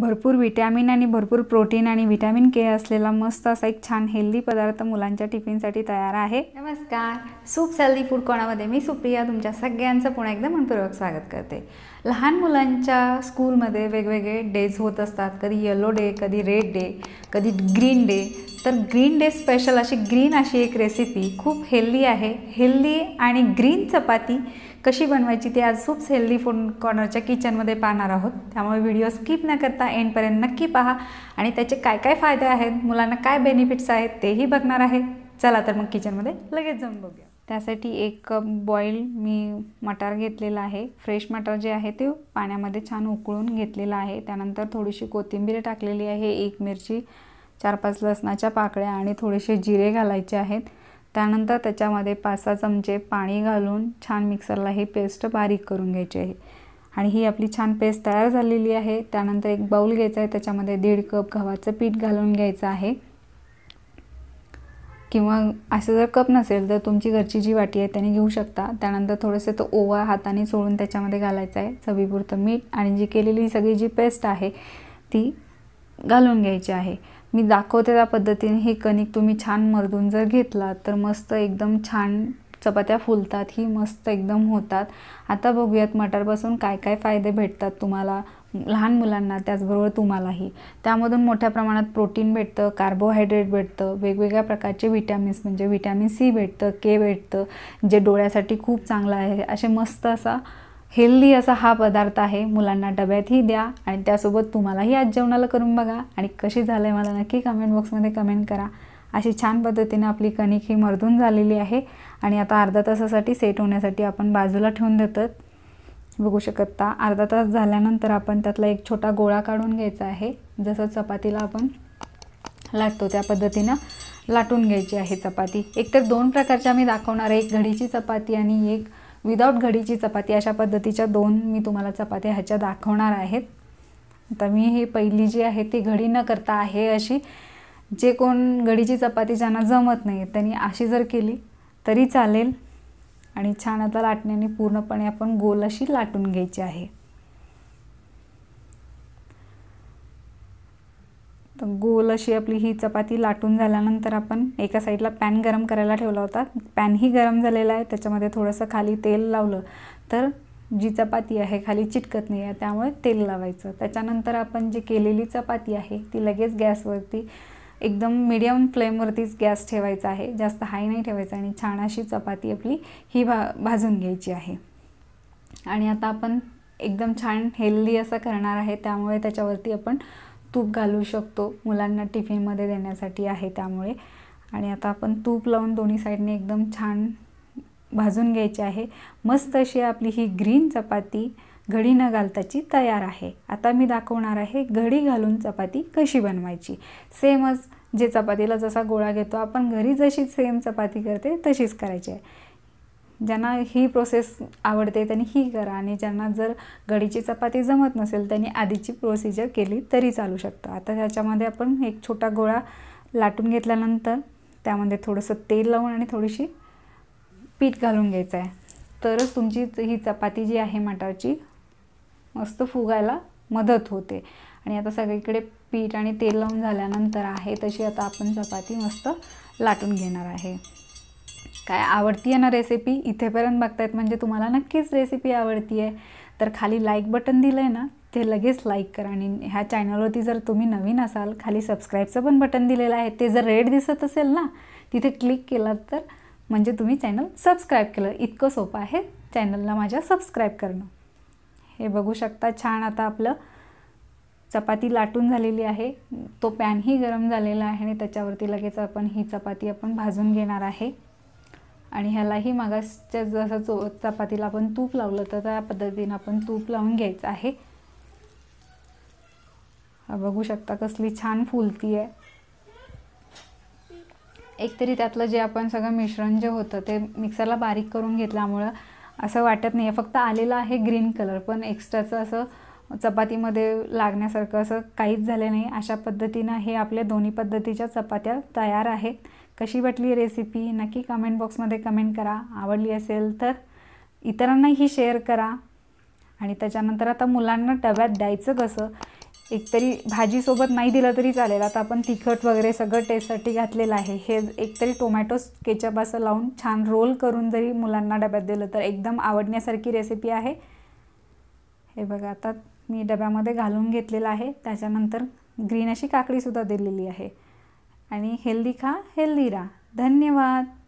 भरपूर विटॅमिन आणि भरपूर प्रोटीन आणि व्हिटॅमिन के असलेला मस्त असा एक छान हेल्दी पदार्थ मुलांच्या टिफिनसाठी तयार आहे नमस्कार सूप हेल्दी फूड कोणामध्ये मी सुप्रिया तुमच्या सगळ्यांचं पुन्हा एकदा मनपूर्वक स्वागत करते लहान मुलांच्या स्कूलमध्ये वेगवेगळे डेज होत असतात कधी येलो डे कधी रेड डे कधी ग्रीन डे तर ग्रीन डे स्पेशल अशी ग्रीन अशी एक रेसिपी खूप हेल्दी आहे हेल्दी आणि ग्रीन चपाती कशी बनवायची ते आज खूप हेल्दी फूड कॉर्नरच्या किचनमध्ये पाहणार आहोत त्यामुळे व्हिडिओ स्किप न करता एंडपर्यंत नक्की पहा आणि त्याचे काय काय फायदे आहेत मुलांना काय बेनिफिट्स आहेत तेही बघणार आहे चला तर मग किचनमध्ये लगेच जाऊन बघूया त्यासाठी एक कप बॉईल मी मटार घेतलेला आहे फ्रेश मटार जे आहे ते पाण्यामध्ये छान उकळून घेतलेलं आहे त्यानंतर थोडीशी कोथिंबीर टाकलेली आहे एक मिरची चार पाच लसणाच्या पाकळ्या आणि थोडेसे जिरे घालायचे आहेत त्यानंतर त्याच्यामध्ये पाच सहा चमचे पाणी घालून छान मिक्सरला ही पेस्ट बारीक करून घ्यायची आहे आणि ही आपली छान पेस्ट तयार झालेली आहे त्यानंतर एक बाऊल घ्यायचा आहे त्याच्यामध्ये दीड कप गव्हाचं पीठ घालून घ्यायचं आहे किंवा असं जर कप नसेल तर तुमची घरची जी वाटी आहे त्याने घेऊ शकता त्यानंतर थोडंसं तो ओवा हाताने सोडून त्याच्यामध्ये घालायचं आहे चवीपुरतं मीठ आणि जी केलेली सगळी जी पेस्ट आहे ती घालून घ्यायची आहे मी दाखवते त्या पद्धतीने हे कणिक तुम्ही छान मर्दून जर घेतलात तर मस्त एकदम छान चपात्या फुलतात ही मस्त एकदम होतात आता बघूयात मटारपासून काय काय फायदे भेटतात तुम्हाला लहान मुलांना त्याचबरोबर तुम्हालाही त्यामधून मोठ्या प्रमाणात प्रोटीन भेटतं कार्बोहायड्रेट भेटतं वेगवेगळ्या प्रकारचे विटॅमिन्स म्हणजे व्हिटॅमिन सी भेटतं के भेटतं जे डोळ्यासाठी खूप चांगलं आहे असे मस्त असा हेल्दी असा हा पदार्थ आहे मुलांना डब्यातही द्या आणि त्यासोबत तुम्हालाही आज जेवणाला करून बघा आणि कशी झालं आहे मला नक्की कमेंट बॉक्समध्ये कमेंट करा अशी छान पद्धतीने आपली कणिक ही मर्दून झालेली आहे आणि आता अर्धा तासासाठी सेट होण्यासाठी आपण बाजूला ठेवून देतात बघू शकता अर्धा तास झाल्यानंतर आपण त्यातला एक छोटा गोळा काढून घ्यायचा आहे जसं चपातीला आपण लाटतो त्या पद्धतीनं लाटून घ्यायची आहे चपाती एकतर दोन प्रकारच्या मी दाखवणार आहे एक घडीची चपाती आणि एक विदाउट घडीची चपाती अशा पद्धतीच्या दोन मी तुम्हाला चपात्या ह्याच्या दाखवणार आहेत आता मी ही पहिली जी आहे ती घडी न करता आहे अशी जे कोण घडीची चपाती ज्यांना जमत नाही त्यांनी अशी जर केली तरी चालेल आणि छान आता लाटण्याने पूर्णपणे आपण गोल अशी लाटून घ्यायची आहे तर गोल अशी आपली ही चपाती लाटून झाल्यानंतर आपण एका साईडला पॅन गरम करायला ठेवला होता पॅनही गरम झालेला आहे त्याच्यामध्ये थोडंसं खाली तेल लावलं तर जी चपाती आहे खाली चिटकत नाही आहे त्यामुळे तेल लावायचं त्याच्यानंतर आपण जी केलेली चपाती आहे ती लगेच गॅसवरती एकदम मीडियम फ्लेमवरतीच गॅस ठेवायचा आहे जास्त हाय नाही ठेवायचं आणि छान अशी चपाती आपली ही भा भाजून घ्यायची आहे आणि आता आपण एकदम छान हेल्दी असं करणार आहे त्यामुळे त्याच्यावरती आपण तूप घालू शकतो मुलांना टिफिनमध्ये देण्यासाठी आहे त्यामुळे आणि आता आपण तूप लावून दोन्ही साईडने एकदम छान भाजून घ्यायची आहे मस्त अशी आपली ही ग्रीन चपाती घडी न घालताची तयार आहे आता मी दाखवणार आहे घडी घालून चपाती कशी बनवायची सेमच जे चपातीला जसा गोळा घेतो आपण घरी जशी सेम चपाती करते तशीच करायची आहे ज्यांना ही प्रोसेस आवडते त्यांनी ही करा आणि ज्यांना जर गडीची चपाती जमत नसेल त्यांनी आधीची प्रोसिजर केली तरी चालू शकतं आता त्याच्यामध्ये आपण एक छोटा गोळा लाटून घेतल्यानंतर त्यामध्ये थोडंसं तेल लावून आणि थोडीशी पीठ घालून घ्यायचं आहे तरच तुमची ही चपाती जी आहे मटारची मस्त फुगायला मदत होते आणि आता सगळीकडे पीठ आणि तेल लावून झाल्यानंतर आहे तशी आता आपण चपाती मस्त लाटून घेणार आहे काय आवडती आहे ना रेसिपी इथेपर्यंत बघतायत म्हणजे तुम्हाला नक्कीच रेसिपी आवडती आहे तर खाली लाईक बटन दिलं आहे ना ते लगेच लाईक करा आणि ह्या चॅनलवरती जर तुम्ही नवीन असाल खाली सबस्क्राईबचं पण बटन दिलेलं आहे ते जर रेड दिसत असेल ना तिथे क्लिक केलात तर म्हणजे तुम्ही चॅनल सबस्क्राईब केलं इतकं सोपं आहे चॅनलला माझ्या सबस्क्राईब करणं हे बघू शकता छान आता आपलं चपाती लाटून झालेली आहे तो पॅनही गरम झालेला आहे आणि त्याच्यावरती लगेच आपण ही चपाती आपण भाजून घेणार आहे आणि ह्यालाही मागासच्या जसं चो चपातीला आपण तूप लावलं तर त्या पद्धतीनं आपण तूप लावून घ्यायचं आहे बघू शकता कसली छान फुलती आहे एकतरी त्यातलं जे आपण सगळं मिश्रण जे होतं ते मिक्सरला बारीक करून घेतल्यामुळं असं वाटत नाही आहे फक्त आलेलं आहे ग्रीन कलर पण एक्स्ट्राचं असं चपातीमध्ये लागण्यासारखं असं काहीच झालं नाही अशा पद्धतीनं हे आपल्या दोन्ही पद्धतीच्या चपात्या तयार आहेत कशी वाटली रेसिपी नक्की कमेंट बॉक्समध्ये कमेंट करा आवडली असेल तर इतरांनाही शेअर करा आणि त्याच्यानंतर आता मुलांना डब्यात द्यायचं कसं एकतरी भाजीसोबत नाही दिलं तरी चालेल आता आपण तिखट वगैरे सगळं टेस्टसाठी घातलेलं आहे हे एकतरी टोमॅटो केचप असं लावून छान रोल करून जरी मुलांना डब्यात दिलं तर एकदम आवडण्यासारखी रेसिपी आहे हे बघा आता मी डब्यामध्ये घालून घेतलेलं आहे त्याच्यानंतर ग्रीन अशी काकडीसुद्धा दिलेली आहे आणि हेल्दी खा हेल्दी राहा धन्यवाद